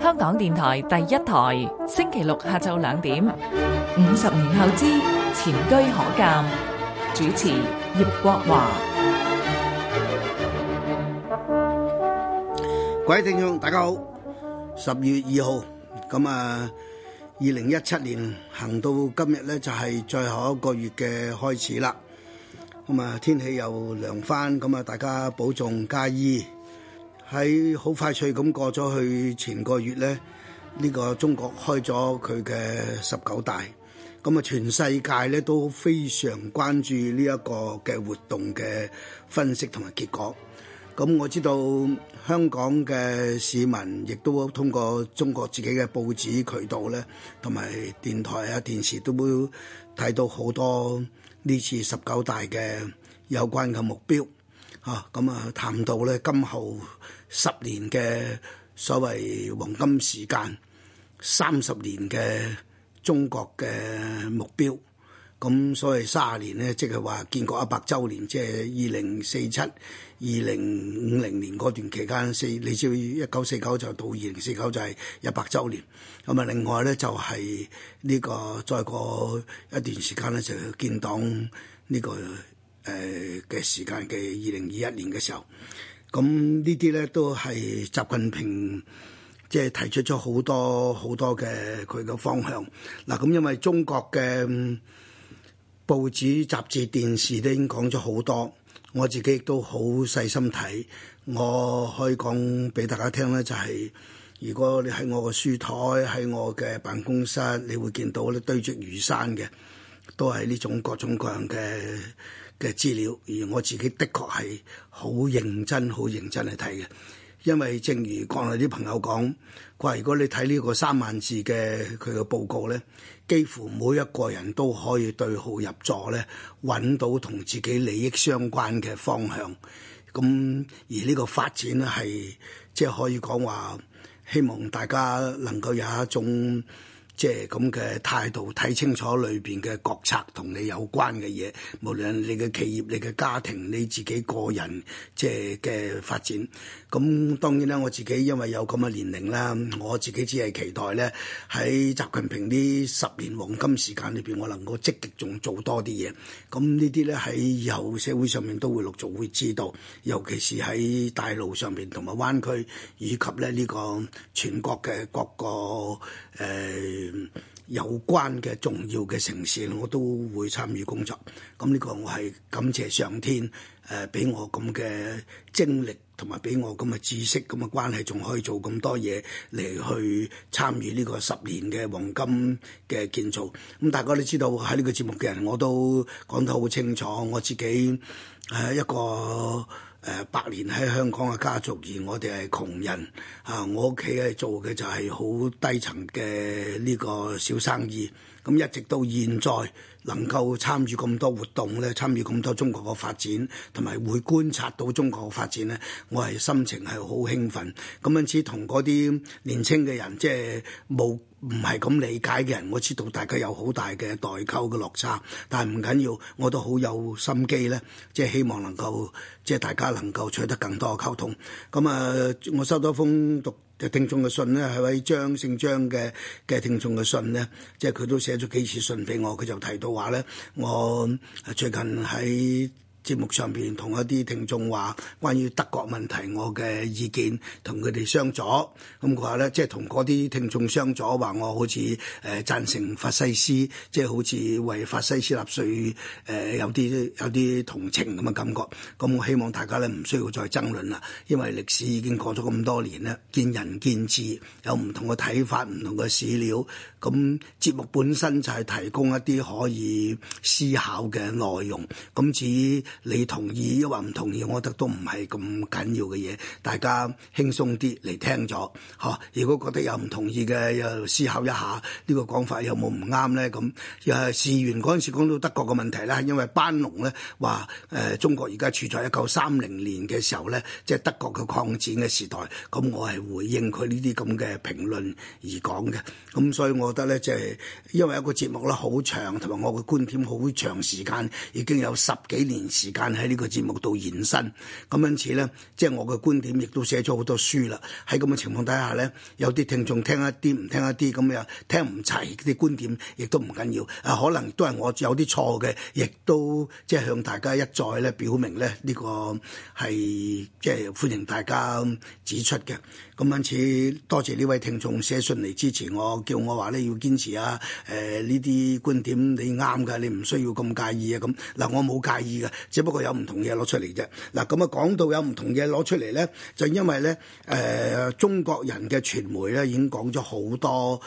香港電台第一台星期六下晝咁啊，天氣又涼翻，咁啊，大家保重加衣。喺好快脆咁過咗去前個月呢，呢個中國開咗佢嘅十九大，咁啊，全世界呢都非常關注呢一個嘅活動嘅分析同埋結果。咁我知道香港嘅市民亦都通過中國自己嘅報紙渠道呢，同埋電台啊、電視都會睇到好多。呢次十九大嘅有關嘅目標啊，咁啊，談到咧今後十年嘅所謂黃金時間，三十年嘅中國嘅目標。咁所以卅年咧，即係話建國一百週年，即係二零四七、二零五零年嗰段期間，四你知，一九四九就到二零四九就係一百週年。咁啊，另外咧就係、是、呢個再過一段時間咧，就建黨呢、這個誒嘅、呃、時間嘅二零二一年嘅時候。咁呢啲咧都係習近平即係、就是、提出咗好多好多嘅佢嘅方向。嗱，咁因為中國嘅。報紙、雜誌、電視都已經講咗好多，我自己亦都好細心睇。我可以講俾大家聽咧，就係如果你喺我嘅書台、喺我嘅辦公室，你會見到咧堆積如山嘅，都係呢種各種各樣嘅嘅資料。而我自己的確係好認真、好認真去睇嘅，因為正如國內啲朋友講，話如果你睇呢個三萬字嘅佢嘅報告咧。幾乎每一個人都可以對號入座咧，搵到同自己利益相關嘅方向。咁而呢個發展咧，係即係可以講話，希望大家能夠有一種。即係咁嘅態度，睇清楚裏邊嘅國策同你有關嘅嘢，無論你嘅企業，你嘅家庭、你自己個人，即係嘅發展。咁當然啦，我自己因為有咁嘅年齡啦，我自己只係期待咧喺習近平呢十年黃金時間裏邊，我能夠積極仲做多啲嘢。咁呢啲咧喺以後社會上面都會陸續會知道，尤其是喺大陸上邊同埋灣區，以及咧呢個全國嘅各個誒。呃嗯、有關嘅重要嘅城市，我都會參與工作。咁、嗯、呢、呢個我係感謝上天，誒、呃、俾我咁嘅精力，同埋俾我咁嘅知識，咁嘅關係，仲可以做咁多嘢嚟去參與呢個十年嘅黃金嘅建造。咁、嗯、大家都知道喺呢個節目嘅人，我都講得好清楚，我自己誒、呃、一個。誒，百年喺香港嘅家族，而我哋係窮人，啊！我屋企係做嘅就係好低層嘅呢個小生意，咁一直到現在。能夠參與咁多活動咧，參與咁多中國嘅發展，同埋會觀察到中國嘅發展咧，我係心情係好興奮。咁樣似同嗰啲年青嘅人，即係冇唔係咁理解嘅人，我知道大家有好大嘅代溝嘅落差，但係唔緊要，我都好有心機咧，即係希望能夠即係大家能夠取得更多嘅溝通。咁啊，我收到一封讀。聽眾嘅信咧，係位張姓張嘅嘅聽眾嘅信咧，即係佢都寫咗幾次信俾我，佢就提到話咧，我最近喺，節目上邊同一啲聽眾話關於德國問題，我嘅意見同佢哋相左，咁佢話咧即係同嗰啲聽眾相左，話我好似誒贊成法西斯，即係好似為法西斯納粹誒有啲有啲同情咁嘅感覺。咁、嗯、我希望大家咧唔需要再爭論啦，因為歷史已經過咗咁多年啦，見仁見智，有唔同嘅睇法、唔同嘅史料。咁、嗯、節目本身就係提供一啲可以思考嘅內容。咁至於，你同意抑或唔同意，我覺得都唔係咁緊要嘅嘢，大家輕鬆啲嚟聽咗吓。如果覺得有唔同意嘅，又思考一下呢個講法有冇唔啱咧？咁又事源陣時講到德國嘅問題啦，因為班農咧話誒中國而家處在一九三零年嘅時候咧，即係德國嘅擴張嘅時代。咁我係回應佢呢啲咁嘅評論而講嘅。咁所以，我覺得咧即係因為一個節目咧好長，同埋我嘅觀點好長時間已經有十幾年。時間喺呢個節目度延伸，咁因此咧，即係我嘅觀點亦都寫咗好多書啦。喺咁嘅情況底下咧，有啲聽眾聽一啲唔聽一啲咁樣，聽唔齊啲觀點，亦都唔緊要。啊，可能都係我有啲錯嘅，亦都即係向大家一再咧表明咧，呢個係即係歡迎大家指出嘅。咁因此多謝呢位聽眾寫信嚟支持我，叫我話咧要堅持啊。誒呢啲觀點你啱㗎，你唔需要咁介意啊。咁嗱，我冇介意嘅。只不過有唔同嘢攞出嚟啫。嗱，咁啊講到有唔同嘢攞出嚟咧，就因為咧誒、呃、中國人嘅傳媒咧已經講咗好多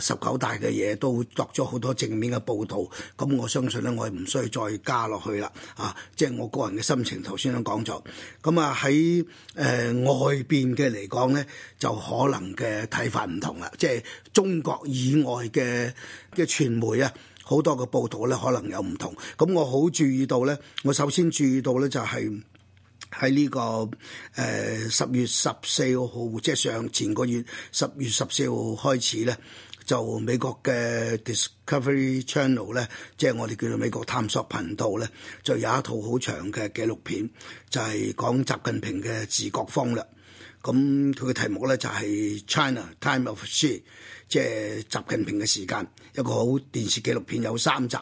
誒十九大嘅嘢，都作咗好多正面嘅報導。咁我相信咧，我係唔需要再加落去啦。啊，即係我個人嘅心情，頭先都講咗。咁啊喺誒外邊嘅嚟講咧，就可能嘅睇法唔同啦。即係中國以外嘅嘅傳媒啊。好多嘅報道咧，可能有唔同。咁我好注意到咧，我首先注意到咧就係喺呢個誒十月十四號，即係上前個月十月十四號開始咧，就美國嘅 Discovery Channel 咧，即係我哋叫做美國探索頻道咧，就有一套好長嘅紀錄片，就係、是、講習近平嘅治國方略。咁佢嘅題目咧就係 China Time of Xi。即係習近平嘅時間，一個好電視紀錄片有三集。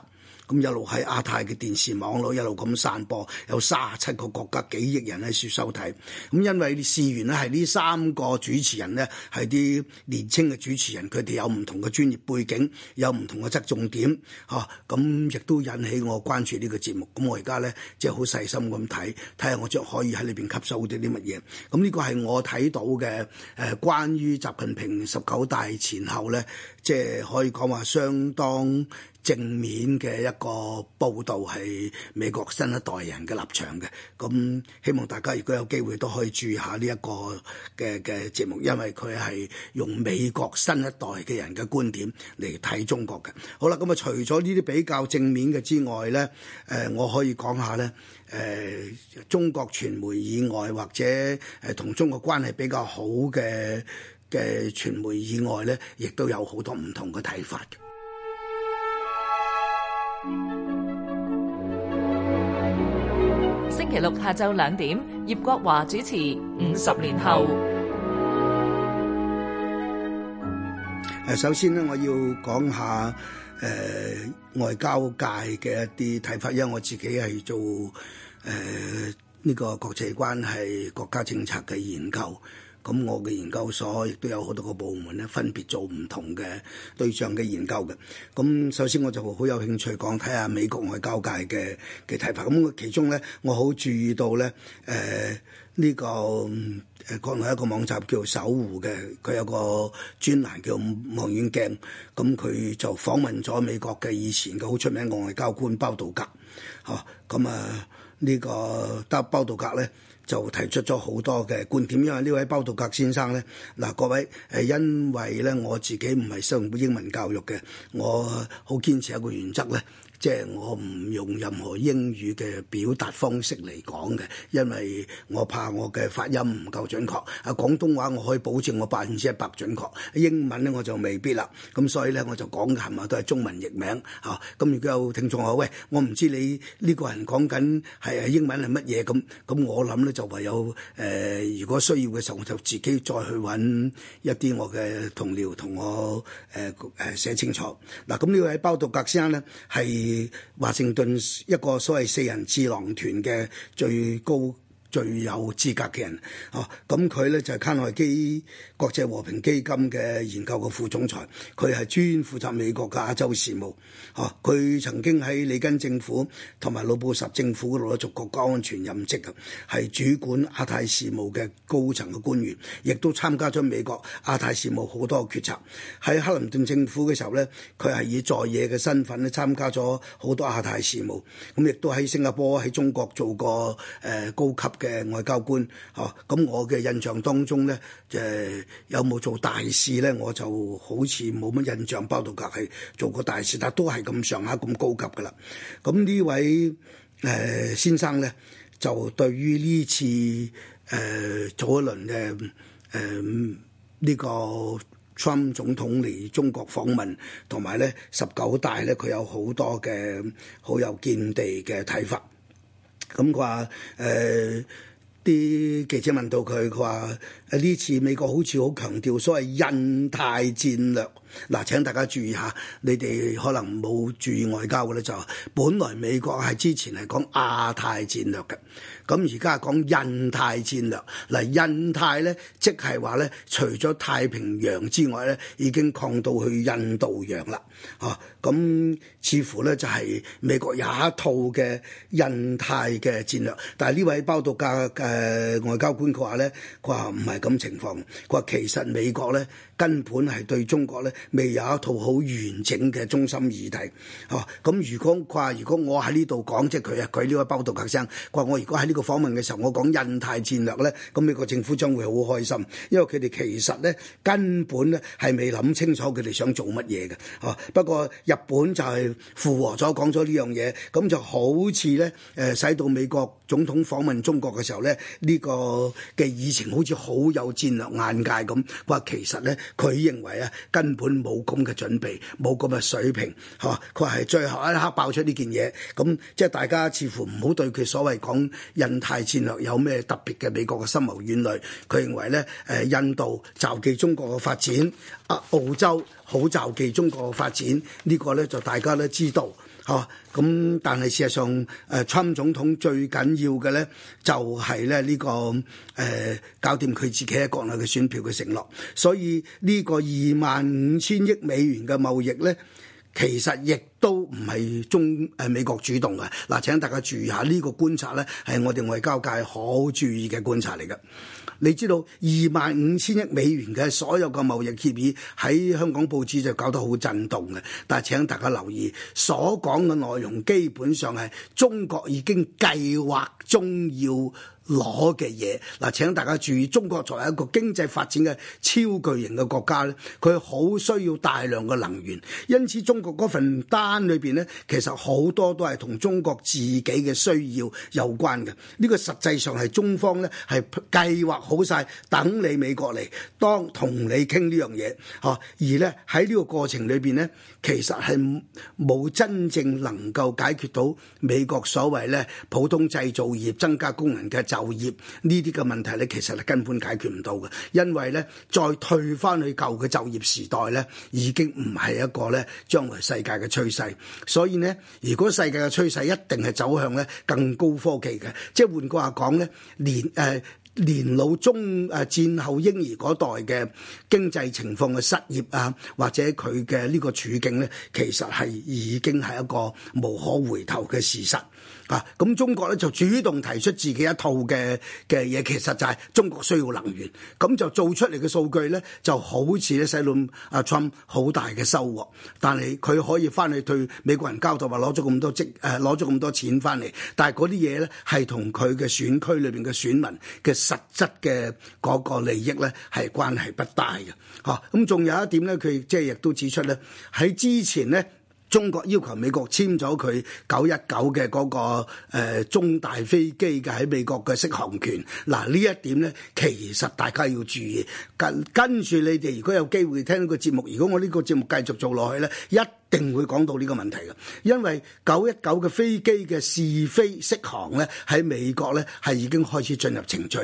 咁、嗯、一路喺亞太嘅電視網絡一路咁散播，有三十七個國家幾億人喺處收睇。咁、嗯、因為事緣呢，係呢三個主持人呢，係啲年青嘅主持人，佢哋有唔同嘅專業背景，有唔同嘅側重點，嚇咁亦都引起我關注呢個節目。咁、嗯、我而家呢，即係好細心咁睇，睇下我將可以喺裏邊吸收啲啲乜嘢。咁呢個係我睇到嘅誒、呃，關於習近平十九大前後呢，即係可以講話相當正面嘅一個報導係美國新一代人嘅立場嘅，咁希望大家如果有機會都可以注意下呢一個嘅嘅節目，因為佢係用美國新一代嘅人嘅觀點嚟睇中國嘅。好啦，咁啊除咗呢啲比較正面嘅之外咧，誒、呃、我可以講下咧，誒、呃、中國傳媒以外或者誒同中國關係比較好嘅嘅傳媒以外咧，亦都有好多唔同嘅睇法嘅。星期六下晝兩點，葉國華主持《五十年後》。誒，首先咧，我要講下誒、呃、外交界嘅一啲睇法，因為我自己係做誒呢、呃這個國際關係、國家政策嘅研究。咁我嘅研究所亦都有好多個部門咧，分別做唔同嘅對象嘅研究嘅。咁首先我就好有興趣講睇下美國外交界嘅嘅睇法。咁其中咧，我好注意到咧，誒呢個誒國內一個網站叫守護嘅，佢有個專欄叫望遠鏡。咁佢就訪問咗美國嘅以前嘅好出名嘅外交官包道格。嚇咁啊！呢、這個德包道格咧就提出咗好多嘅觀點，因為呢位包道格先生咧，嗱、啊、各位係、呃、因為咧我自己唔係受英文教育嘅，我好堅持一個原則咧。即係我唔用任何英語嘅表達方式嚟講嘅，因為我怕我嘅發音唔夠準確。啊，廣東話我可以保證我百分之一百準確，英文咧我就未必啦。咁所以咧我就講緊嘅都係中文譯名嚇。咁、啊、如果有聽眾話喂，我唔知你呢個人講緊係英文係乜嘢咁，咁我諗咧就唯有誒、呃，如果需要嘅時候我就自己再去揾一啲我嘅同僚同我誒誒、呃呃、寫清楚。嗱、啊，咁呢位包道格先生咧係。華盛頓一個所謂四人智囊團嘅最高最有資格嘅人，啊，咁佢咧就係、是、卡內基。國際和平基金嘅研究嘅副總裁，佢係專負責美國嘅亞洲事務。嚇，佢曾經喺里根政府同埋老布什政府度咧做國家安全任職嘅，係主管亞太事務嘅高層嘅官員，亦都參加咗美國亞太事務好多決策。喺克林頓政府嘅時候咧，佢係以在野嘅身份咧參加咗好多亞太事務。咁亦都喺新加坡喺中國做過誒高級嘅外交官。嚇，咁我嘅印象當中咧，就有冇做大事咧？我就好似冇乜印象，包到隔，包度格係做過大事，但都係咁上下咁高級噶啦。咁呢位誒、呃、先生咧，就對於呢次誒早、呃、一輪嘅誒呢個 Trump 總統嚟中國訪問，同埋咧十九大咧，佢有好多嘅好有見地嘅睇法。咁佢話誒。呃啲記者問到佢，佢話：呢次美國好似好強調所謂印太戰略。嗱，請大家注意下，你哋可能冇注意外交嘅咧，就本來美國係之前係講亞太戰略嘅。咁而家講印太戰略，嗱，印太咧即係話咧，除咗太平洋之外咧，已經擴到去印度洋啦，啊，咁、嗯、似乎咧就係、是、美國有一套嘅印太嘅戰略，但係呢位包道格嘅、呃、外交官佢話咧，佢話唔係咁情況，佢話其實美國咧。根本係對中國咧，未有一套好完整嘅中心議題。哦、啊，咁如果佢話、啊、如果我喺呢度講即係佢啊，佢呢位包道格生，話我如果喺呢個訪問嘅時候我講印太戰略咧，咁美國政府將會好開心，因為佢哋其實咧根本咧係未諗清楚佢哋想做乜嘢嘅。哦、啊，不過日本就係附和咗講咗呢樣嘢，咁就好似咧誒，使到美國總統訪問中國嘅時候咧，呢、這個嘅議程好似好有戰略眼界咁。話、啊、其實咧。佢認為啊，根本冇咁嘅準備，冇咁嘅水平，嚇佢係最後一刻爆出呢件嘢，咁、嗯、即係大家似乎唔好對佢所謂講印太戰略有咩特別嘅美國嘅深謀遠慮。佢認為咧，誒、啊、印度就忌中國嘅發展，啊澳洲好就忌中國嘅發展，這個、呢個咧就大家都知道。哦，咁但係事實上，誒，川普總統最緊要嘅咧、這個，就係咧呢個誒，搞掂佢自己喺國內嘅選票嘅承諾。所以呢個二萬五千億美元嘅貿易咧，其實亦都唔係中誒美國主動嘅。嗱、呃，請大家注意下呢、這個觀察咧，係我哋外交界好注意嘅觀察嚟㗎。你知道二萬五千億美元嘅所有個貿易協議喺香港報紙就搞得好震動嘅，但係請大家留意所講嘅內容基本上係中國已經計劃中要攞嘅嘢嗱，請大家注意，中國作為一個經濟發展嘅超巨型嘅國家咧，佢好需要大量嘅能源，因此中國嗰份單裏邊咧，其實好多都係同中國自己嘅需要有關嘅。呢個實際上係中方咧係計劃好晒，等你美國嚟，當同你傾呢樣嘢，吓，而咧喺呢個過程裏邊咧，其實係冇真正能夠解決到美國所謂咧普通製造業增加工人嘅。就業呢啲嘅問題咧，其實係根本解決唔到嘅，因為咧再退翻去舊嘅就業時代咧，已經唔係一個咧將來世界嘅趨勢。所以咧，如果世界嘅趨勢一定係走向咧更高科技嘅，即係換句話講咧，年誒、呃、年老中誒、呃、戰後嬰兒嗰代嘅經濟情況嘅失業啊，或者佢嘅呢個處境咧，其實係已經係一個無可回頭嘅事實。啊！咁中國咧就主動提出自己一套嘅嘅嘢，其實就係中國需要能源，咁就做出嚟嘅數據咧，就好似咧細路阿 Trump 好大嘅收穫，但係佢可以翻去對美國人交代話攞咗咁多積誒，攞咗咁多錢翻嚟，但係嗰啲嘢咧係同佢嘅選區裏邊嘅選民嘅實質嘅嗰個利益咧係關係不大嘅。嚇、啊！咁、嗯、仲有一點咧，佢即係亦都指出咧，喺之前咧。中國要求美國簽咗佢九一九嘅嗰個、呃、中大飛機嘅喺美國嘅適航權，嗱呢一點呢，其實大家要注意。跟跟住你哋，如果有機會聽到個節目，如果我呢個節目繼續做落去呢，一定會講到呢個問題嘅，因為九一九嘅飛機嘅試飛適航呢，喺美國呢係已經開始進入程序，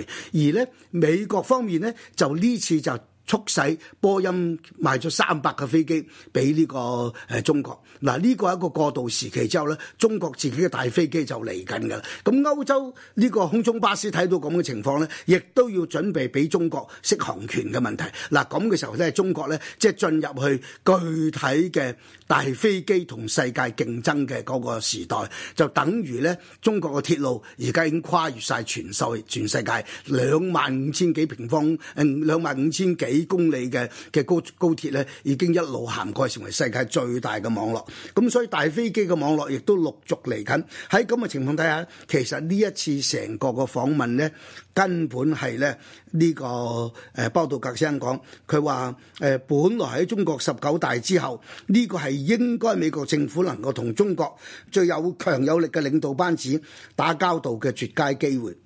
而呢美國方面呢，就呢次就。促使波音賣咗三百架飛機俾呢個誒、呃、中國，嗱呢個係一個過渡時期之後咧，中國自己嘅大飛機就嚟緊噶啦咁歐洲呢個空中巴士睇到咁嘅情況咧，亦都要準備俾中國適航權嘅問題，嗱咁嘅時候咧，中國咧即係進入去具體嘅大飛機同世界競爭嘅個時代，就等於咧，中國嘅鐵路而家已經跨越晒全世全世界兩萬五千幾平方誒兩萬五千幾。呃 25, 幾公里嘅嘅高高鐵咧，已經一路涵蓋成為世界最大嘅網絡。咁所以大飛機嘅網絡亦都陸續嚟緊。喺咁嘅情況底下，其實呢一次成個嘅訪問咧，根本係咧呢、這個誒包、呃、道格先生講，佢話誒本來喺中國十九大之後，呢、這個係應該美國政府能夠同中國最有強有力嘅領導班子打交道嘅絕佳機會。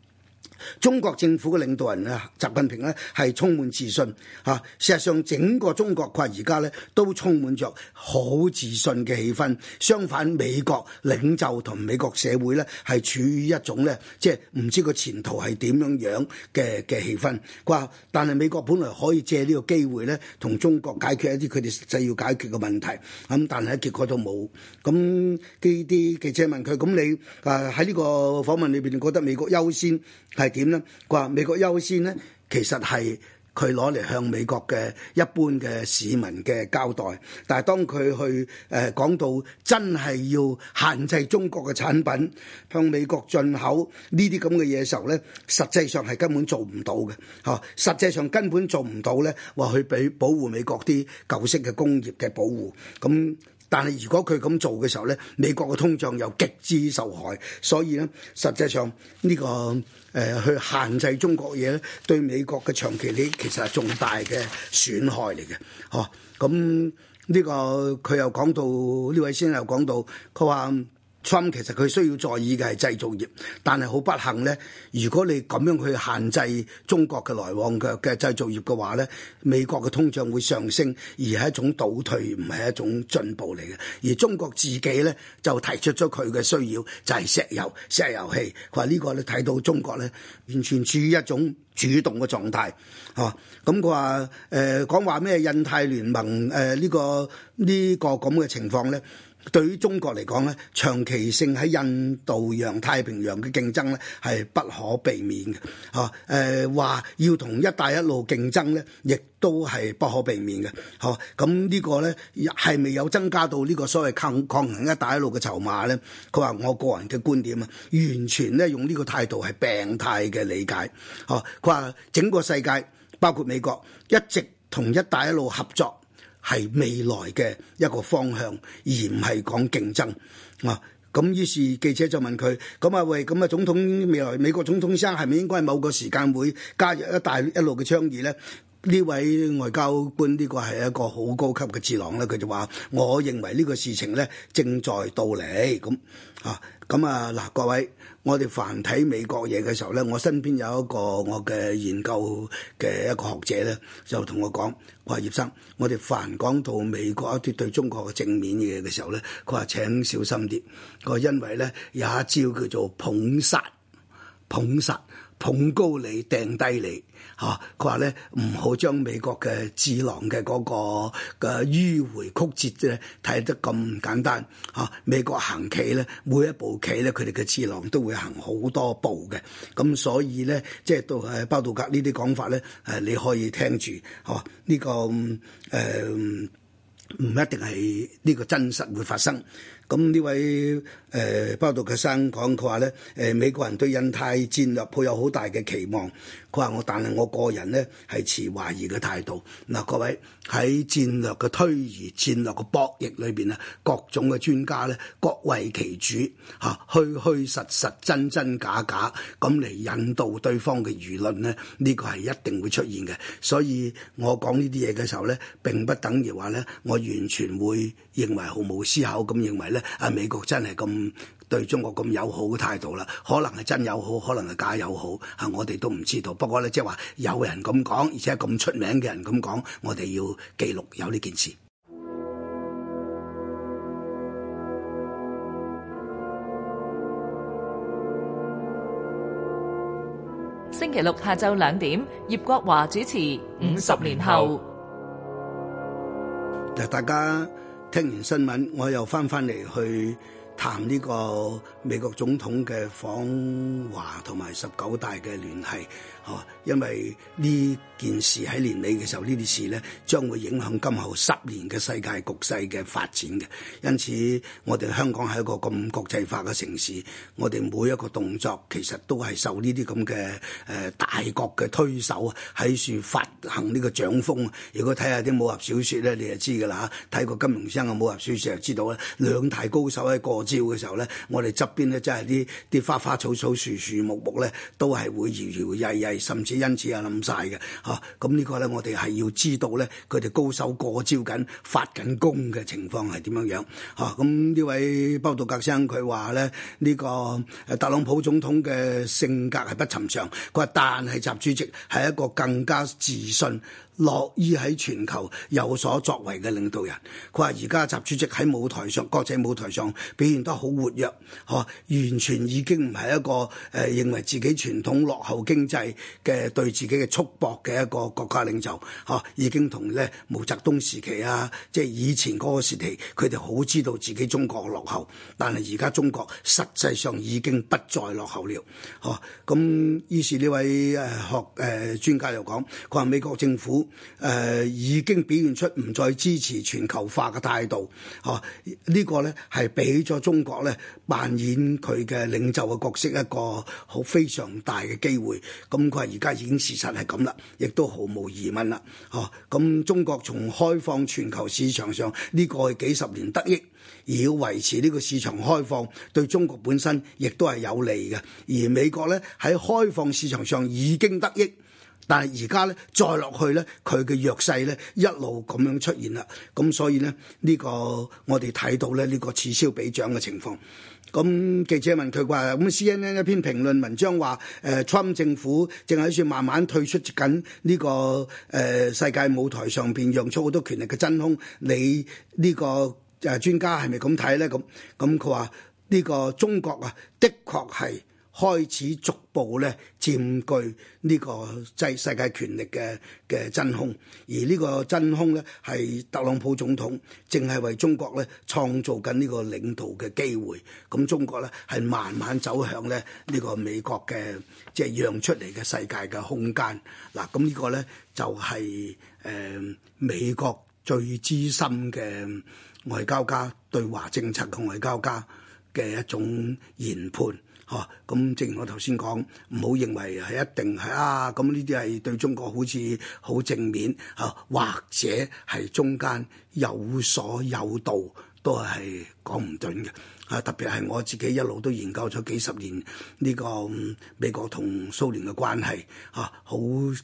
中國政府嘅領導人啊，習近平咧係充滿自信嚇、啊。事實上，整個中國佢而家咧都充滿着好自信嘅氣氛。相反，美國領袖同美國社會咧係處於一種咧即係唔知個前途係點樣樣嘅嘅氣氛。佢話：但係美國本來可以借呢個機會咧，同中國解決一啲佢哋要解決嘅問題。咁、嗯、但係咧結果都冇。咁呢啲記者問佢：咁你啊喺呢個訪問裏邊覺得美國優先係點咧？佢話美國優先呢，其實係佢攞嚟向美國嘅一般嘅市民嘅交代。但係當佢去誒講、呃、到真係要限制中國嘅產品向美國進口呢啲咁嘅嘢時候呢，實際上係根本做唔到嘅。吓、啊，實際上根本做唔到呢，話去俾保護美國啲舊式嘅工業嘅保護咁。嗯但係如果佢咁做嘅時候咧，美國嘅通脹又極之受害，所以咧，實際上呢、呢個誒、呃、去限制中國嘢咧，對美國嘅長期利益其實係重大嘅損害嚟嘅，嚇。咁、嗯、呢、呢個佢又講到呢位先生又講到，佢話。特朗普咁其實佢需要在意嘅係製造業，但係好不幸咧。如果你咁樣去限制中國嘅來往嘅嘅製造業嘅話咧，美國嘅通脹會上升，而係一種倒退，唔係一種進步嚟嘅。而中國自己咧就提出咗佢嘅需要，就係、是、石油、石油氣。佢話呢個你睇到中國咧，完全處於一種主動嘅狀態。嚇、啊，咁佢話誒講話咩印太聯盟誒呢、呃呢個呢、呢個咁嘅情況咧？對於中國嚟講咧，長期性喺印度洋太平洋嘅競爭咧係不可避免嘅，吓誒話要同一帶一路競爭咧，亦都係不可避免嘅，吓、啊，咁、啊這個、呢個咧係咪有增加到呢個所謂抗抗衡一帶一路嘅籌碼咧？佢話我個人嘅觀點啊，完全咧用呢個態度係病態嘅理解，吓、啊，佢話整個世界包括美國一直同一帶一路合作。係未來嘅一個方向，而唔係講競爭。啊，咁於是記者就問佢，咁、嗯、啊喂，咁、嗯、啊總統未來美國總統生係咪應該喺某個時間會加入一帶一路嘅倡議咧？呢位外交官呢個係一個好高級嘅智囊咧，佢就話，我認為呢個事情咧正在到嚟，咁啊，咁啊嗱，各位，我哋凡睇美國嘢嘅時候咧，我身邊有一個我嘅研究嘅一個學者咧，就同我講，佢話葉生，我哋凡講到美國一啲對中國嘅正面嘢嘅時候咧，佢話，請小心啲，佢話因為咧有一招叫做捧殺，捧殺，捧高你掟低你。嚇！佢話咧唔好將美國嘅智囊嘅嗰、嗰個嘅、嗰個、迂迴曲折即係睇得咁簡單嚇、啊。美國行棋咧，每一步棋咧，佢哋嘅智囊都會行好多步嘅。咁、啊、所以咧，即係到誒包道格呢啲講法咧，誒、啊、你可以聽住嚇。呢、啊這個誒唔、呃、一定係呢個真實會發生。咁、呃、呢位誒包道格先生講，佢話咧，誒美國人對印太戰略抱有好大嘅期望。佢話我，但係我個人咧係持懷疑嘅態度。嗱、呃，各位喺戰略嘅推移、戰略嘅博弈裏邊啊，各種嘅專家咧各為其主吓虛虛實實、真真假假，咁嚟引導對方嘅輿論咧，呢、這個係一定會出現嘅。所以我講呢啲嘢嘅時候咧，並不等於話咧，我完全會認為毫無思考咁認為咧。啊！美國真係咁對中國咁友好嘅態度啦，可能係真友好，可能係假友好，啊！我哋都唔知道。不過咧，即係話有人咁講，而且咁出名嘅人咁講，我哋要記錄有呢件事。星期六下晝兩點，葉國華主持《五十年後》年後。大家。聽完新聞，我又翻返嚟去。談呢個美國總統嘅訪華同埋十九大嘅聯繫嚇，因為呢件事喺年尾嘅時候，呢啲事咧將會影響今後十年嘅世界局勢嘅發展嘅。因此，我哋香港係一個咁國際化嘅城市，我哋每一個動作其實都係受呢啲咁嘅誒大國嘅推手啊，喺處發行呢個掌風。如果睇下啲武俠小說咧，你就知㗎啦嚇。睇過金庸先生嘅武俠小說就知道啦，兩大高手喺個。招嘅時候咧，我哋側邊咧，真係啲啲花花草草、樹樹木木咧，都係會搖搖曳曳，甚至因此啊冧晒嘅吓。咁呢個咧，我哋係要知道咧，佢哋高手過招緊、發緊功嘅情況係點樣樣吓。咁、啊、呢位包道格生佢話咧，呢、這個特朗普總統嘅性格係不尋常，佢話但係習主席係一個更加自信。樂意喺全球有所作為嘅領導人，佢話而家習主席喺舞台上、國際舞台上表現得好活躍，嚇、啊、完全已經唔係一個誒、呃、認為自己傳統落後經濟嘅對自己嘅束縛嘅一個國家領袖，嚇、啊、已經同咧毛澤東時期啊，即係以前嗰個時期，佢哋好知道自己中國嘅落後，但係而家中國實際上已經不再落後了，嚇、啊、咁於是呢位誒學誒、呃呃、專家又講，佢話美國政府。誒、呃、已經表現出唔再支持全球化嘅態度，嚇、哦、呢、呢個呢係俾咗中國呢扮演佢嘅領袖嘅角色一個好非常大嘅機會。咁佢話而家已經事實係咁啦，亦都毫無疑問啦，嚇、哦、咁、嗯、中國從開放全球市場上呢、呢個係幾十年得益，而要維持呢個市場開放對中國本身亦都係有利嘅。而美國呢，喺開放市場上已經得益。但係而家咧再落去咧，佢嘅弱勢咧一路咁樣出現啦。咁所以咧呢個我哋睇到咧呢個此消彼長嘅情況。咁記者問佢話：咁 CNN 一篇評論文章話，誒、呃、Trump 政府正喺處慢慢退出緊呢個誒、呃、世界舞台上邊，讓出好多權力嘅真空。你呢個誒專家係咪咁睇咧？咁咁佢話呢個中國啊，的確係。開始逐步咧佔據呢個世世界權力嘅嘅真空，而呢個真空咧係特朗普總統正係為中國咧創造緊呢個領導嘅機會。咁中國咧係慢慢走向咧呢、這個美國嘅即係讓出嚟嘅世界嘅空間。嗱，咁呢個咧就係、是、誒、呃、美國最資深嘅外交家對華政策嘅外交家嘅一種研判。哦，咁、啊、正如我頭先講，唔好認為係一定係啊，咁呢啲係對中國好似好正面，嚇、啊、或者係中間有所有道都，都係講唔準嘅。嚇，特別係我自己一路都研究咗幾十年呢個美國同蘇聯嘅關係，嚇、啊、好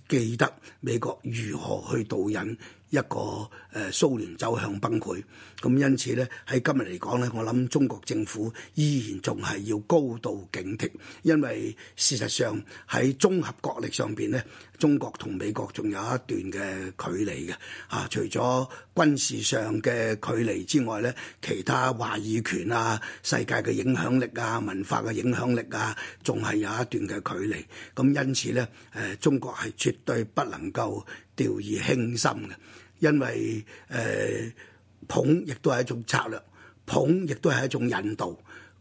記得美國如何去導引。一個誒蘇聯走向崩潰，咁因此咧喺今日嚟講咧，我諗中國政府依然仲係要高度警惕，因為事實上喺綜合國力上面咧，中國同美國仲有一段嘅距離嘅嚇、啊，除咗軍事上嘅距離之外咧，其他話語權啊、世界嘅影響力啊、文化嘅影響力啊，仲係有一段嘅距離。咁、啊、因此咧，誒、啊、中國係絕對不能夠掉以輕心嘅，因為誒、啊、捧亦都係一種策略，捧亦都係一種引導。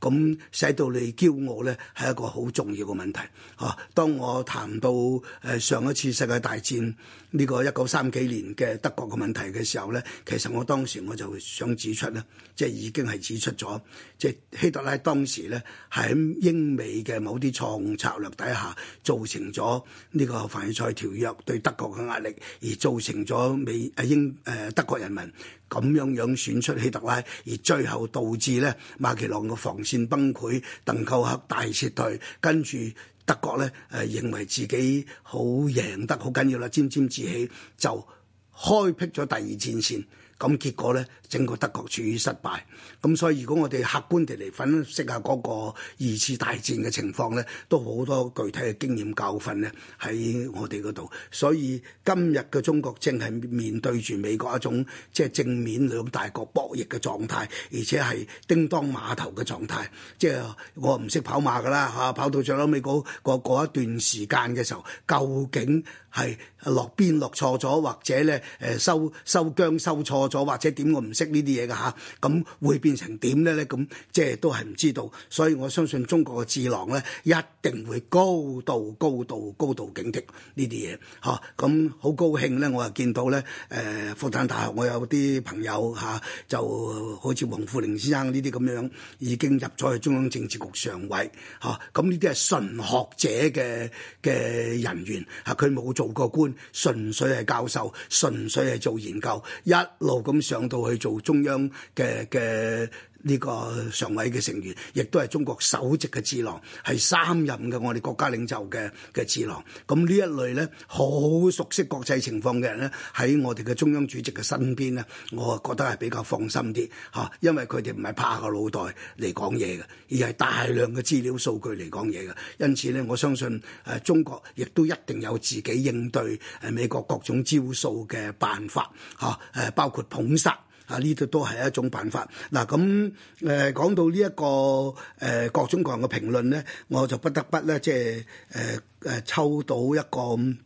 咁使到你驕傲咧，係一個好重要嘅問題。嚇、啊，當我談到誒、呃、上一次世界大戰呢、呢個一九三幾年嘅德國嘅問題嘅時候咧，其實我當時我就想指出咧，即係已經係指出咗，即係希特拉當時咧係喺英美嘅某啲錯誤策略底下造成咗呢個凡爾賽條約對德國嘅壓力，而造成咗美誒英誒、呃、德國人民。咁樣樣選出希特拉，而最後導致咧馬其諾嘅防線崩潰，鄧寇克大撤退，跟住德國咧誒、呃、認為自己好贏得好緊要啦，沾沾自喜就開闢咗第二戰線。咁結果咧，整個德國處於失敗，咁所以如果我哋客觀地嚟，分析下個二次大戰嘅情況咧，都好多具體嘅經驗教訓咧喺我哋度。所以今日嘅中國正係面對住美國一種即係正面兩大國博弈嘅狀態，而且係叮當馬頭嘅狀態，即係我唔識跑馬㗎啦嚇，跑到最撈尾嗰嗰一段時間嘅時候，究竟係落邊落錯咗，或者咧誒收收姜收錯？咗或者點我唔識呢啲嘢㗎吓，咁、啊、會變成點咧咧？咁即係都係唔知道，所以我相信中國嘅智囊咧一定會高度、高度、高度警惕呢啲嘢嚇。咁、啊、好高興咧，我又見到咧，誒、呃，復旦大學我有啲朋友嚇、啊，就好似黃富玲先生呢啲咁樣，已經入咗去中央政治局常委嚇。咁呢啲係純學者嘅嘅人員嚇，佢、啊、冇做過官，純粹係教授，純粹係做研究一路。咁上到去做中央嘅嘅。呢個常委嘅成員，亦都係中國首席嘅智囊，係三任嘅我哋國家領袖嘅嘅智囊。咁呢一類咧，好熟悉國際情況嘅人咧，喺我哋嘅中央主席嘅身邊咧，我覺得係比較放心啲嚇。因為佢哋唔係怕個腦袋嚟講嘢嘅，而係大量嘅資料數據嚟講嘢嘅。因此咧，我相信誒中國亦都一定有自己應對誒美國各種招數嘅辦法嚇，誒包括捧殺。啊！呢度都係一種辦法。嗱咁誒講到呢、這、一個誒、呃、各種各樣嘅評論咧，我就不得不咧即係誒誒抽到一個、嗯、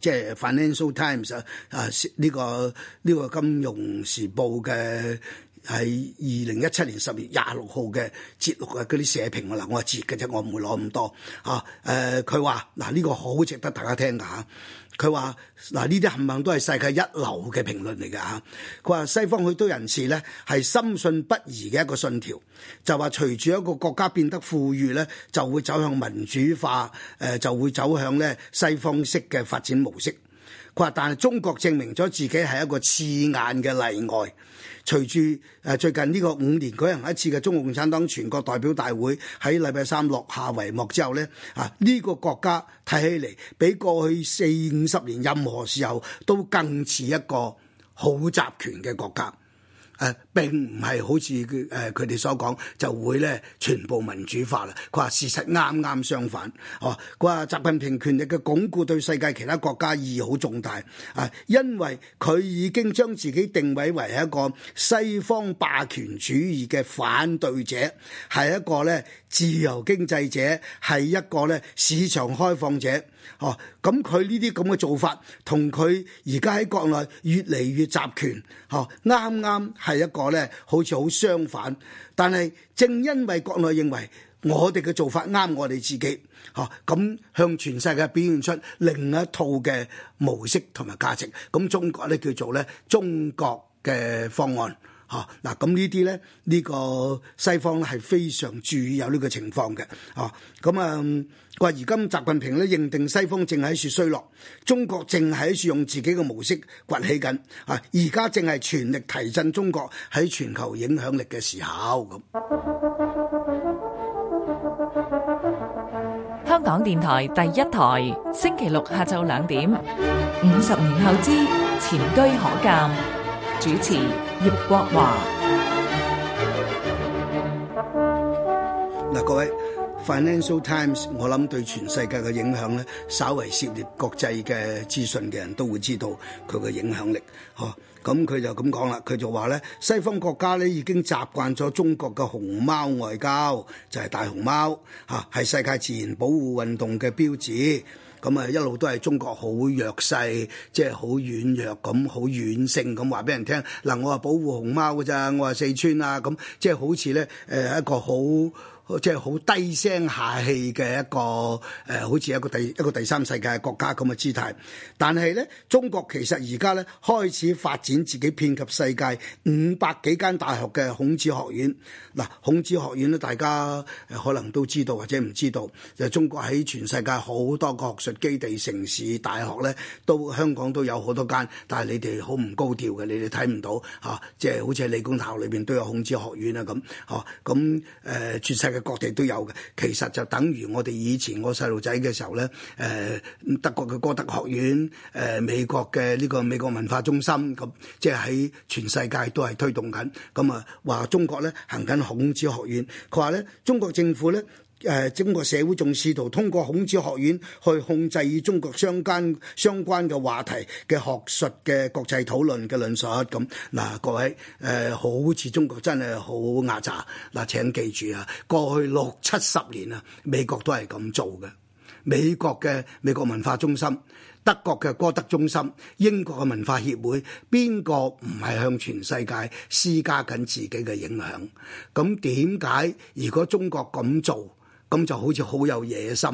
即係 Financial Times 啊呢、這個呢、這個金融時報嘅係二零一七年十月廿六號嘅節錄嘅嗰啲社評啊嗱，我截嘅啫，我唔會攞咁多啊誒，佢話嗱呢個好值得大家聽㗎吓。佢話：嗱呢啲冚唪唥都係世界一流嘅評論嚟㗎嚇。佢話西方許多人士呢係深信不疑嘅一個信條，就話隨住一個國家變得富裕呢，就會走向民主化，誒就會走向呢西方式嘅發展模式。佢話但係中國證明咗自己係一個刺眼嘅例外。隨住誒最近呢個五年舉行一次嘅中國共產黨全國代表大會喺禮拜三落下帷幕之後咧，啊，呢個國家睇起嚟比過去四五十年任何時候都更似一個好集權嘅國家。誒、啊、並唔係好似誒佢哋所講，就會咧全部民主化啦。佢話事實啱啱相反，哦，佢話習近平權力嘅鞏固對世界其他國家意義好重大啊，因為佢已經將自己定位為一個西方霸權主義嘅反對者，係一個咧自由經濟者，係一個咧市場開放者。哦，咁佢呢啲咁嘅做法，同佢而家喺國內越嚟越集權，哦，啱啱係一個咧，好似好相反。但係正因為國內認為我哋嘅做法啱我哋自己，嚇、哦、咁向全世界表現出另一套嘅模式同埋價值。咁、嗯、中國咧叫做咧中國嘅方案。啊！嗱，咁呢啲咧，呢個西方咧係非常注意有呢個情況嘅。啊，咁啊，佢話而今習近平咧認定西方正喺處衰落，中國正喺處用自己嘅模式崛起緊。啊，而家正係全力提振中國喺全球影響力嘅時候。咁、啊，香港電台第一台，星期六下晝兩點，五十年後之前車可鑑，主持。葉國華嗱，各位 Financial Times，我諗對全世界嘅影響咧，稍為涉獵國際嘅資訊嘅人都會知道佢嘅影響力，吓，咁佢就咁講啦，佢就話咧，西方國家咧已經習慣咗中國嘅熊貓外交，就係大熊貓吓，係世界自然保護運動嘅標誌。咁啊一路都係中國好弱勢，即係好軟弱咁，好軟性咁話俾人聽。嗱，我話保護熊貓噶咋，我話四川啊咁，即係、就是、好似咧誒，一個好。即係好低聲下氣嘅一個誒、呃，好似一個第一個第三世界國家咁嘅姿態。但係咧，中國其實而家咧開始發展自己遍及世界五百幾間大學嘅孔子學院。嗱，孔子學院咧，大家誒可能都知道或者唔知道，就是、中國喺全世界好多個學術基地、城市、大學咧，都香港都有好多間。但係你哋好唔高調嘅，你哋睇唔到吓、啊，即係好似喺理工校裏邊都有孔子學院啊咁。吓、啊，咁誒、呃，全世。嘅各地都有嘅，其實就等於我哋以前我細路仔嘅時候咧，誒、呃、德國嘅哥德學院，誒、呃、美國嘅呢個美國文化中心，咁即係喺全世界都係推動緊。咁啊話中國咧行緊孔子學院，佢話咧中國政府咧。誒、呃，中國社會仲試圖通過孔子學院去控制與中國相關相關嘅話題嘅學術嘅國際討論嘅論述。咁嗱、呃，各位誒、呃，好似中國真係好壓榨。嗱、呃，請記住啊，過去六七十年啊，美國都係咁做嘅。美國嘅美國文化中心，德國嘅歌德中心，英國嘅文化協會，邊個唔係向全世界施加緊自己嘅影響？咁點解如果中國咁做，咁就好似好有野心，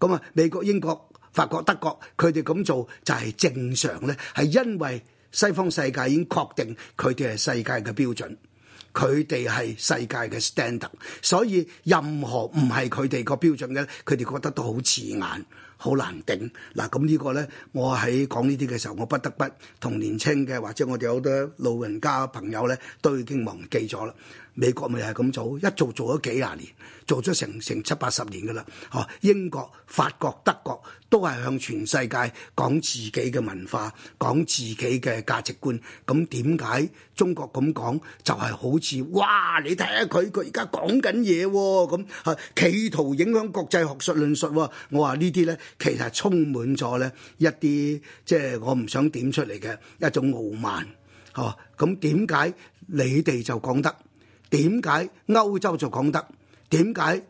咁啊，美國、英國、法國、德國，佢哋咁做就係正常咧，係因為西方世界已經確定佢哋係世界嘅標準，佢哋係世界嘅 standard。所以任何唔係佢哋個標準嘅，佢哋覺得都好刺眼，好難頂。嗱，咁、這個、呢個咧，我喺講呢啲嘅時候，我不得不同年青嘅或者我哋好多老人家朋友咧，都已經忘記咗啦。美國咪係咁做，一做做咗幾廿年，做咗成成七八十年㗎喇。哦、啊，英國、法國、德國都係向全世界講自己嘅文化，講自己嘅價值觀。咁點解中國咁講就係、是、好似哇？你睇下佢佢而家講緊嘢咁，企圖影響國際學術論述。啊、我話呢啲咧，其實充滿咗咧一啲即係我唔想點出嚟嘅一種傲慢。哦、啊，咁點解你哋就講得？點解歐洲就講得？點解？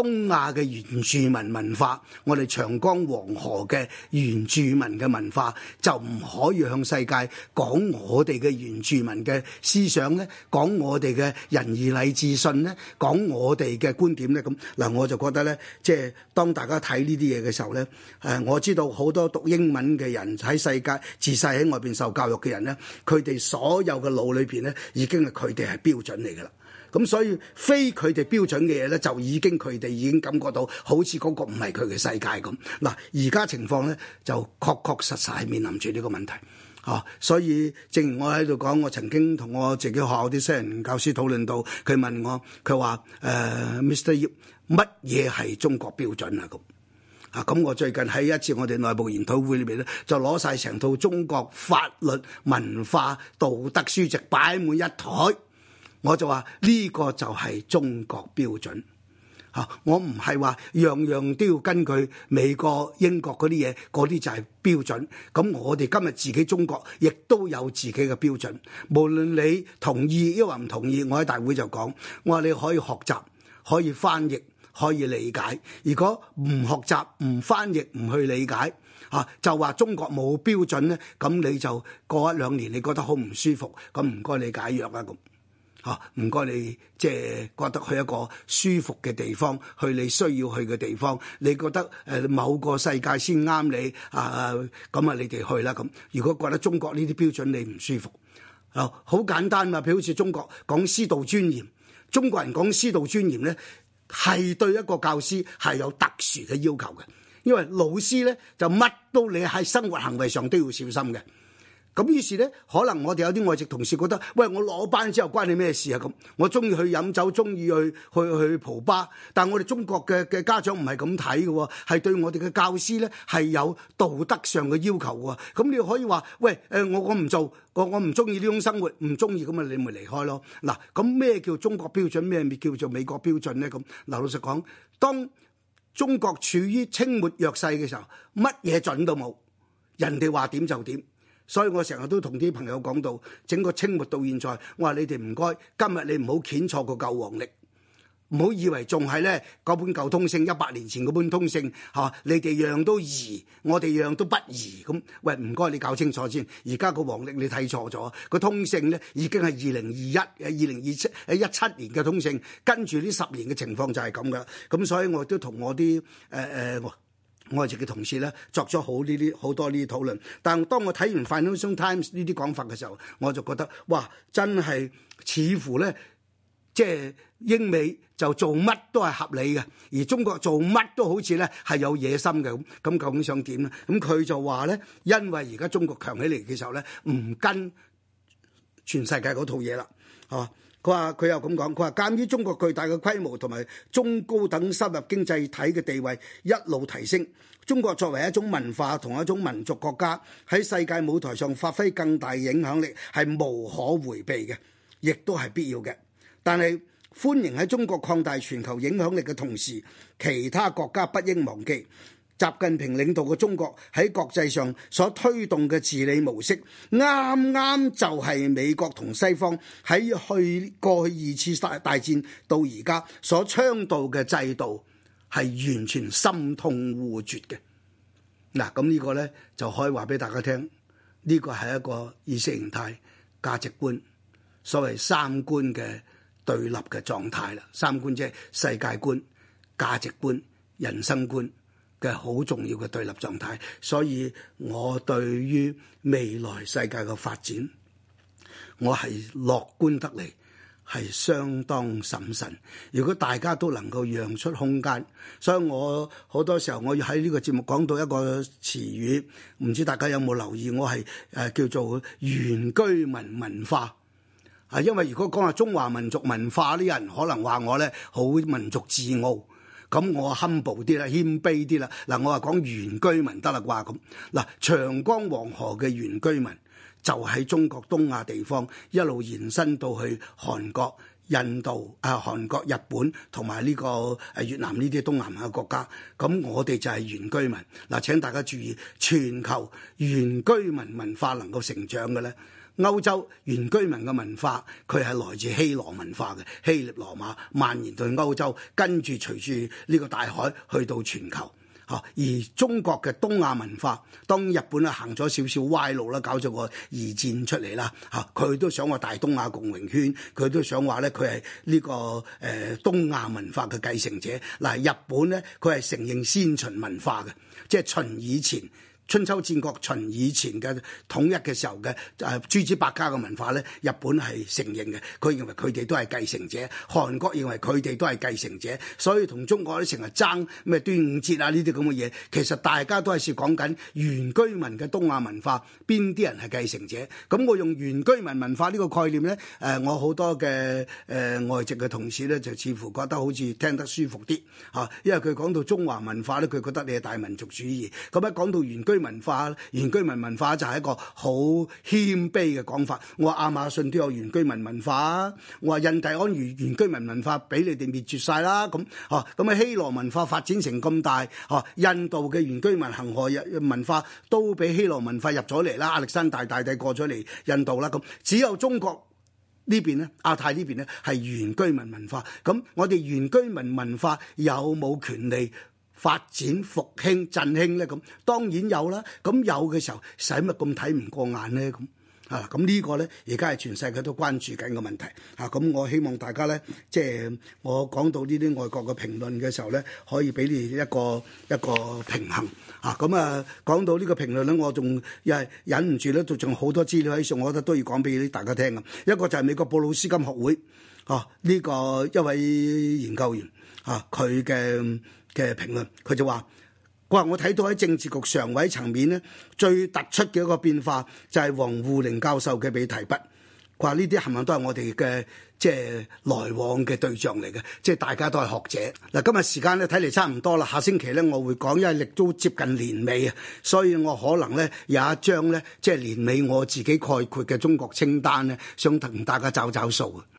東亞嘅原住民文化，我哋長江黃河嘅原住民嘅文化，就唔可以向世界講我哋嘅原住民嘅思想咧，講我哋嘅仁義禮智信咧，講我哋嘅觀點咧。咁嗱，我就覺得咧，即係當大家睇呢啲嘢嘅時候咧，誒，我知道好多讀英文嘅人喺世界自細喺外邊受教育嘅人咧，佢哋所有嘅腦裏邊咧，已經係佢哋係標準嚟㗎啦。咁、嗯、所以非佢哋標準嘅嘢咧，就已經佢哋已經感覺到好似嗰個唔係佢嘅世界咁。嗱，而家情況咧就確確實實係面臨住呢個問題。哦、啊，所以正如我喺度講，我曾經同我自己學校啲西人教師討論到，佢問我，佢話：誒、呃、Mr. 葉，乜嘢係中國標準啊？咁啊，咁、啊、我最近喺一次我哋內部研討會裏邊咧，就攞晒成套中國法律、文化、道德書籍擺滿一台。我就話呢個就係中國標準嚇、啊，我唔係話樣樣都要根據美國、英國嗰啲嘢，嗰啲就係標準。咁我哋今日自己中國亦都有自己嘅標準。無論你同意抑或唔同意，我喺大會就講，我話你可以學習、可以翻譯、可以理解。如果唔學習、唔翻譯、唔去理解嚇、啊，就話中國冇標準咧，咁你就過一兩年你覺得好唔舒服，咁唔該你解約啦咁。吓，唔該、啊、你，即係覺得去一個舒服嘅地方，去你需要去嘅地方，你覺得誒、呃、某個世界先啱你啊？咁、呃、啊，你哋去啦咁。如果覺得中國呢啲標準你唔舒服，嗱、啊，好簡單嘛，譬如好似中國講師道尊嚴，中國人講師道尊嚴咧，係對一個教師係有特殊嘅要求嘅，因為老師咧就乜都你喺生活行為上都要小心嘅。咁於是咧，可能我哋有啲外籍同事覺得，喂，我攞班之後關你咩事啊？咁我中意去飲酒，中意去去去蒲吧。但係我哋中國嘅嘅家長唔係咁睇嘅喎，係對我哋嘅教師咧係有道德上嘅要求喎。咁你可以話，喂，誒，我我唔做，我我唔中意呢種生活，唔中意咁啊，你咪離開咯。嗱，咁咩叫中國標準？咩叫做美國標準咧？咁嗱，老實講，當中國處於清末弱勢嘅時候，乜嘢準都冇，人哋話點就點。所以我成日都同啲朋友講到，整個清末到現在，我話你哋唔該，今日你唔好謙錯個舊黃歷，唔好以為仲係咧嗰本舊通勝一百年前嗰本通勝嚇、啊，你哋樣都疑，我哋樣都不疑。咁喂，唔該你搞清楚先，而家個黃歷你睇錯咗，個通勝咧已經係二零二一誒二零二七誒一七年嘅通勝，跟住呢十年嘅情況就係咁噶，咁所以我都同我啲誒誒。呃呃我自己同事咧作咗好呢啲好多呢啲討論，但係當我睇完《Financial Times》呢啲講法嘅時候，我就覺得哇，真係似乎咧即係英美就做乜都係合理嘅，而中國做乜都好似咧係有野心嘅咁。咁究竟想點咧？咁佢就話咧，因為而家中國強起嚟嘅時候咧，唔跟全世界嗰套嘢啦，係佢話：佢又咁講，佢話，鑑於中國巨大嘅規模同埋中高等收入經濟體嘅地位一路提升，中國作為一種文化同一種民族國家喺世界舞台上發揮更大影響力係無可迴避嘅，亦都係必要嘅。但係歡迎喺中國擴大全球影響力嘅同時，其他國家不應忘記。習近平領導嘅中國喺國際上所推動嘅治理模式，啱啱就係美國同西方喺去過去二次大大戰到而家所倡導嘅制度，係完全心痛互絕嘅。嗱，咁呢個呢，就可以話俾大家聽，呢個係一個意識形態、價值觀，所謂三觀嘅對立嘅狀態啦。三觀即係世界觀、價值觀、人生觀。嘅好重要嘅對立狀態，所以我對於未來世界嘅發展，我係樂觀得嚟，係相當審慎。如果大家都能夠讓出空間，所以我好多時候我要喺呢個節目講到一個詞語，唔知大家有冇留意？我係誒叫做原居民文化啊，因為如果講下中華民族文化，啲人可能話我咧好民族自傲。咁我謙卑啲啦，謙卑啲啦。嗱，我話講原居民得啦啩咁。嗱，長江黃河嘅原居民就喺中國東亞地方，一路延伸到去韓國、印度啊、韓國、日本同埋呢個誒越南呢啲東南亞國家。咁我哋就係原居民。嗱，請大家注意，全球原居民文化能夠成長嘅咧。歐洲原居民嘅文化，佢係來自希羅文化嘅，希臘羅馬蔓延到歐洲，跟住隨住呢個大海去到全球嚇、啊。而中國嘅東亞文化，當日本咧行咗少少歪路啦，搞咗個二戰出嚟啦嚇，佢、啊、都想話大東亞共榮圈，佢都想話咧佢係呢、呢個誒、呃、東亞文化嘅繼承者。嗱、啊，日本咧佢係承認先秦文化嘅，即係秦以前。春秋戰國秦以前嘅統一嘅時候嘅誒諸子百家嘅文化咧，日本係承認嘅，佢認為佢哋都係繼承者；韓國認為佢哋都係繼承者，所以同中國咧成日爭咩端午節啊呢啲咁嘅嘢，其實大家都係説講緊原居民嘅東亞文化，邊啲人係繼承者？咁我用原居民文化呢個概念咧，誒、呃、我好多嘅誒、呃、外籍嘅同事咧，就似乎覺得好似聽得舒服啲嚇、啊，因為佢講到中華文化咧，佢覺得你係大民族主義，咁一講到原居，文化，原居民文化就係一個好謙卑嘅講法。我話亞馬遜都有原居民文化，我話印第安原原居民文化俾你哋滅絕晒啦咁，嗬？咁啊希羅文化發展成咁大，嗬、啊？印度嘅原居民恒河入文化都俾希羅文化入咗嚟啦，亞歷山大大帝過咗嚟印度啦，咁只有中國呢邊呢，亞太呢邊呢，係原居民文化。咁我哋原居民文化有冇權利？發展復興振興咧咁，當然有啦。咁、嗯、有嘅時候，使乜咁睇唔過眼咧咁啊？咁、這、呢個咧，而家係全世界都關注緊嘅問題啊！咁我希望大家咧，即係我講到呢啲外國嘅評論嘅時候咧，可以俾你一個一個平衡嚇。咁啊，講到個評論呢個評論咧，我仲又係忍唔住咧，仲好多資料喺上，我覺得都要講俾大家聽咁。一個就係美國布魯斯金學會啊，呢、這個一位研究員啊，佢嘅。嘅評論，佢就話：話我睇到喺政治局常委層面咧，最突出嘅一個變化就係王滬寧教授嘅被提筆，話呢啲冚唪唥都係我哋嘅即係來往嘅對象嚟嘅，即係大家都係學者。嗱，今日時間咧睇嚟差唔多啦，下星期咧我會講因為亦都接近年尾啊，所以我可能咧有一張咧即係年尾我自己概括嘅中國清單咧，想同大家找找數啊。